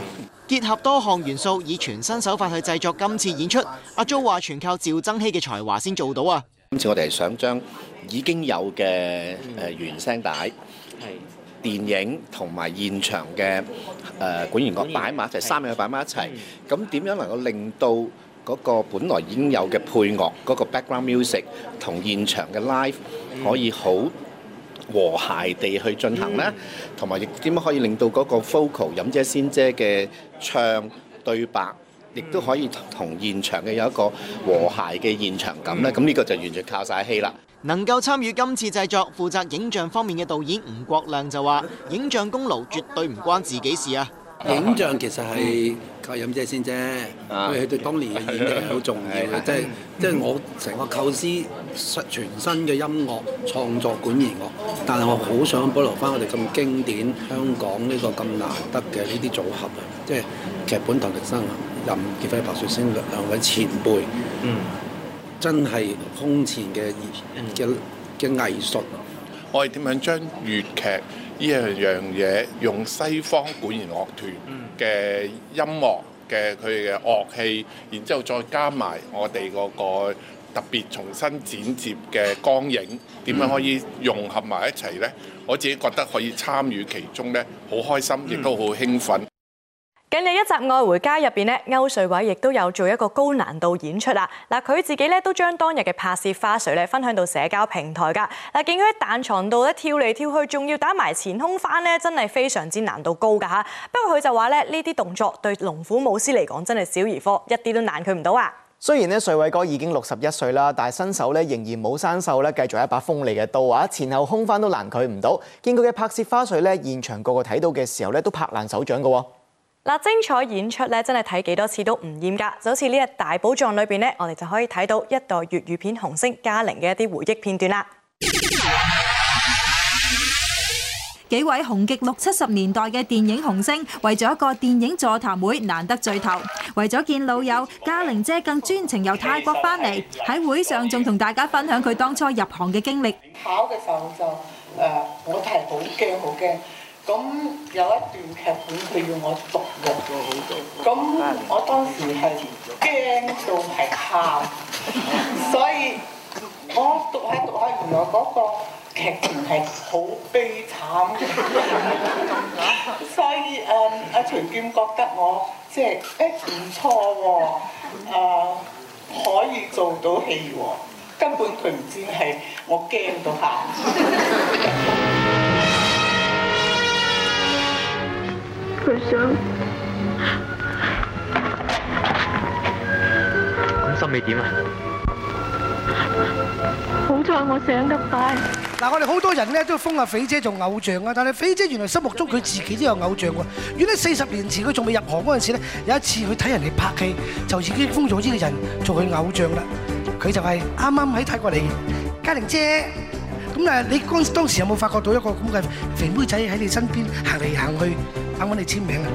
結合多項元素，以全新手法去製作今次演出，阿鍾話全靠趙增熹嘅才華先做到啊。今次我哋係想將已經有嘅誒原聲帶。係。電影同埋現場嘅誒管弦樂擺埋一齊，三樣嘢擺埋一齊。咁點樣能夠令到嗰個本來已經有嘅配樂嗰個 background music 同現場嘅 live 可以好和諧地去進行咧？同埋亦點樣可以令到嗰個 vocal 飲姐仙姐嘅唱對白？亦都可以同現場嘅有一個和諧嘅現場感咧，咁呢、嗯、個就完全靠晒戲啦。能夠參與今次製作負責影像方面嘅導演吳國亮就話：影像功勞絕對唔關自己事啊！嗯、影像其實係。嗯靠飲遮先啫，因為佢對當年嘅演藝係好重要嘅，即係即係我成個構思，全新嘅音樂創作管弦樂，但係我好想保留翻我哋咁經典香港呢個咁難得嘅呢啲組合啊，即係劇本唐滌生、任劍輝、白雪仙兩位前輩，嗯，真係空前嘅嘅嘅藝術，我哋點樣將粵劇，呢樣樣嘢用西方管弦樂團嘅音樂嘅佢哋嘅樂器，然之後再加埋我哋嗰個特別重新剪接嘅光影，點樣可以融合埋一齊呢？我自己覺得可以參與其中呢，好開心亦都好興奮。近日一集《愛回家》入邊咧，歐瑞偉亦都有做一個高難度演出啦。嗱，佢自己咧都將當日嘅拍攝花絮咧分享到社交平台噶。嗱，見佢喺彈床度咧跳嚟跳去，仲要打埋前空翻咧，真係非常之難度高噶。不過佢就話咧，呢啲動作對龍虎武師嚟講真係小兒科，一啲都難佢唔到啊。雖然咧瑞偉哥已經六十一歲啦，但係身手咧仍然冇生鏽咧，繼續一把鋒利嘅刀啊，前後空翻都難佢唔到。見佢嘅拍攝花絮咧，現場個個睇到嘅時候咧都拍爛手掌噶。嗱，精彩演出咧，真係睇幾多次都唔厭噶。就好似呢日《大寶藏》裏邊咧，我哋就可以睇到一代粵語片紅星嘉玲嘅一啲回憶片段啦。幾位紅極六七十年代嘅電影紅星，為咗一個電影座談會難得聚頭，為咗見老友嘉玲姐，更專程由泰國翻嚟，喺會上，仲同大家分享佢當初入行嘅經歷。考嘅時候就誒，我係好驚，好驚。咁有一段劇本佢要我讀嘅，好多，咁我當時係驚到係喊， 所以我讀下讀下，原來嗰個劇情係好悲慘， 所以誒、啊、阿、 啊、徐劍覺得我即係誒唔錯喎，可以做到戲喎、啊，根本佢唔知係我驚到喊。 佢想，咁心你點啊？好彩我醒得快。嗱，我哋好多人咧都封阿肥姐做偶像啊，但係肥姐原來心目中佢自己都有偶像噶。原來四十年前佢仲未入行嗰陣時咧，有一次去睇人哋拍戲，就已經封咗呢個人做佢偶像啦。佢就係啱啱喺泰國嚟，嘉玲姐。咁啊！你嗰當時有冇發覺到一個咁嘅肥妹仔喺你身邊行嚟行去揾我哋簽名啊？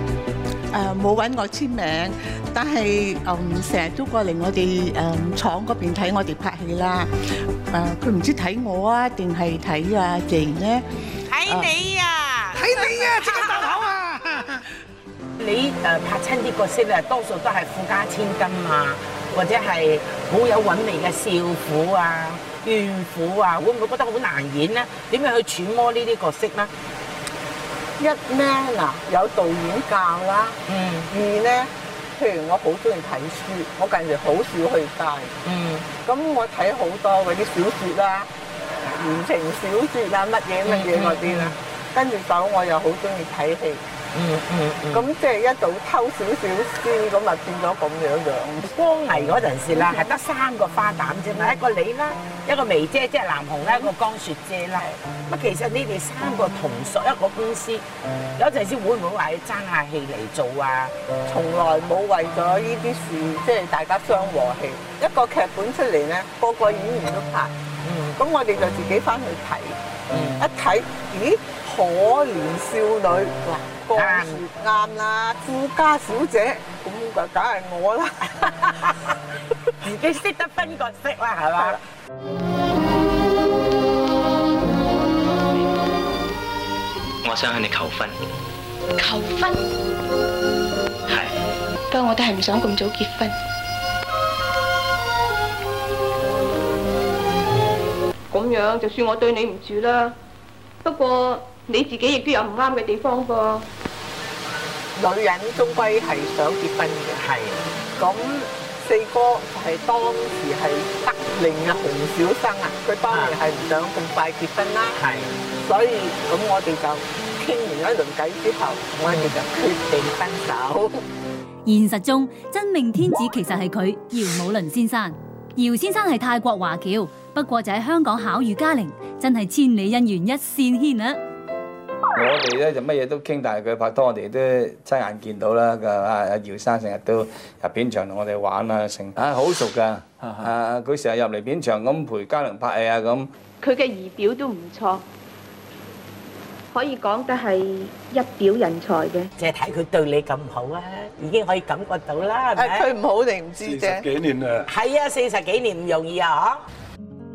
誒冇揾我簽名，但係誒成日都過嚟我哋誒廠嗰邊睇我哋拍戲啦。誒佢唔知睇我啊，定係睇阿勁呢？睇你啊！睇你啊！即刻大口啊！你誒拍親啲角色啊，多數都係富家千金啊，或者係好有韻味嘅少婦啊。怨婦啊，會唔會覺得好難演咧？點樣去揣摩呢啲角色咧？一咧嗱，有導演教啦。嗯。二咧，譬如我好中意睇書，我近嚟好少去街。嗯。咁我睇好多嗰啲小説啦，啊，言情小説啊，乜嘢乜嘢嗰啲咧。嗯、跟住走，我又好中意睇戲。嗯嗯，咁 即係一早偷少少先，咁啊變咗咁樣樣。光藝嗰陣時啦，係得、嗯、三個花旦啫嘛，一個你啦，一個眉姐，即係南紅啦，一個江雪姐啦。乜、嗯、其實你哋三個同屬一個公司，有陣時會唔會話要爭下氣嚟做啊？從來冇為咗呢啲事，即、就、係、是、大家傷和氣。一個劇本出嚟咧，個個演員都拍，咁我哋就自己翻去睇。一睇，咦，可憐少女嗱。哇啱啦，富家小姐咁就梗係我啦，自己識得分角色啦，係嘛？我想向你求婚。求婚？係。不過我都係唔想咁早結婚。咁樣就算我對你唔住啦，不過你自己亦都有唔啱嘅地方噃。女人終歸係想結婚嘅，係咁，四哥係當時係得令嘅紅小生啊，佢當然係唔想咁快結婚啦，係的，的所以咁我哋就傾完一輪偈之後，我哋就決定分手。嗯、現實中真命天子其實係佢姚武麟先生，姚先生係泰國華僑，不過就喺香港巧遇嘉玲，真係千里姻緣一線牽啊！我哋咧就乜嘢都傾，但係佢拍拖我哋都親眼見到啦，係嘛？阿姚生成日都入片場同我哋玩啊，成啊好熟噶，啊佢成日入嚟片場咁陪嘉玲拍戲啊咁。佢嘅儀表都唔錯，可以講得係一表人才嘅。淨係睇佢對你咁好啊，已經可以感覺到啦，係咪？誒，佢唔好定唔知啫。四十幾年啊。係啊，四十幾年唔容易啊。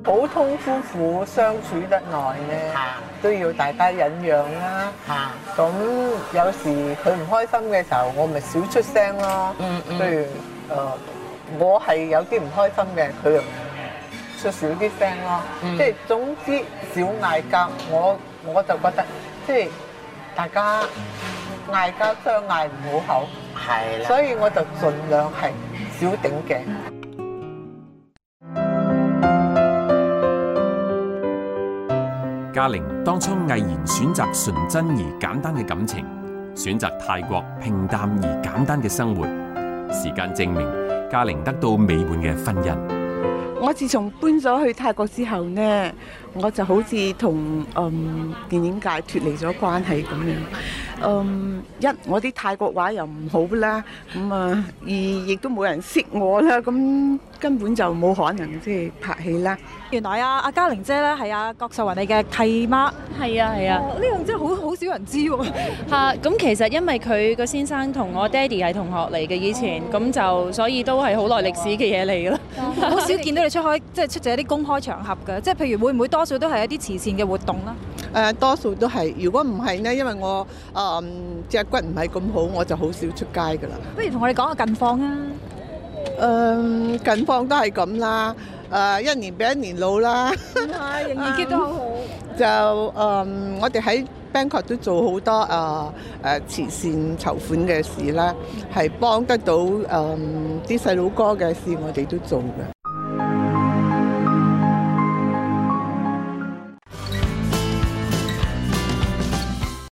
普通夫婦相處得耐咧，嗯、都要大家忍讓啦。咁、嗯、有時佢唔開心嘅時候，我咪少出聲咯。譬、嗯嗯、如誒、呃，我係有啲唔開心嘅，佢又出少啲聲咯。嗯、即係總之少嗌交，我我就覺得即係大家嗌交相嗌唔好，口，係的。所以我就盡量係少頂頸。嗯嘉玲當初毅然選擇純真而簡單嘅感情，選擇泰國平淡而簡單嘅生活。時間證明，嘉玲得到美滿嘅婚姻。我自從搬咗去泰國之後咧，我就好似同嗯電影界脫離咗關係咁樣。嗯，一我啲泰國話又唔好啦，咁啊二亦都冇人識我啦，咁根本就冇可能即係拍戲啦。原來啊，阿嘉玲姐咧係阿郭秀雲你嘅契媽。係啊係啊，呢樣真係好好少人知喎。嚇，咁其實因為佢個先生同我爹哋係同學嚟嘅以前，咁就所以都係好耐歷史嘅嘢嚟嘅咯，好少見到。出海即係出席一啲公開場合嘅，即係譬如會唔會多數都係一啲慈善嘅活動咧？誒、呃，多數都係。如果唔係呢，因為我誒隻、呃、骨唔係咁好，我就好少出街噶、啊呃、啦。不如同我哋講下近況啊！誒，近況都係咁啦。誒，一年比一年老啦。係、嗯， 嗯、仍然都好好。就誒、呃，我哋喺 Bangkok 都做好多誒誒、呃呃、慈善籌款嘅事啦，係幫得到誒啲細佬哥嘅事，我哋都做嘅。